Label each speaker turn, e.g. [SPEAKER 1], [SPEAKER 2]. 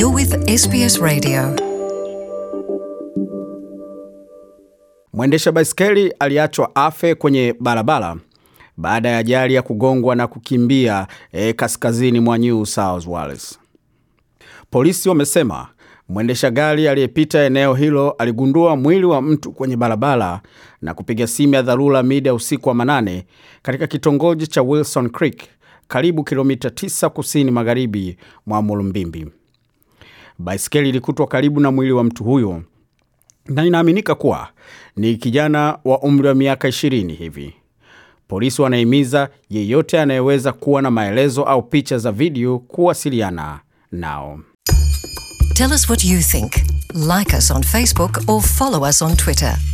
[SPEAKER 1] You're with SBS Radio.
[SPEAKER 2] Mwendesha baiskeli aliachwa afe kwenye barabara baada ya ajali ya kugongwa na kukimbia e, kaskazini mwa New South Wales. Polisi wamesema mwendesha gari aliyepita eneo hilo aligundua mwili wa mtu kwenye barabara na kupiga simu ya dharura mida ya usiku wa manane katika kitongoji cha Wilson Creek karibu kilomita 9 kusini magharibi mwa mulumbimbi Baiskeli ilikutwa karibu na mwili wa mtu huyo na inaaminika kuwa ni kijana wa umri wa miaka 20 hivi. Polisi wanahimiza yeyote anayeweza kuwa na maelezo au picha za video kuwasiliana nao.
[SPEAKER 3] Tell us what you think. Like us on Facebook or follow us on Twitter.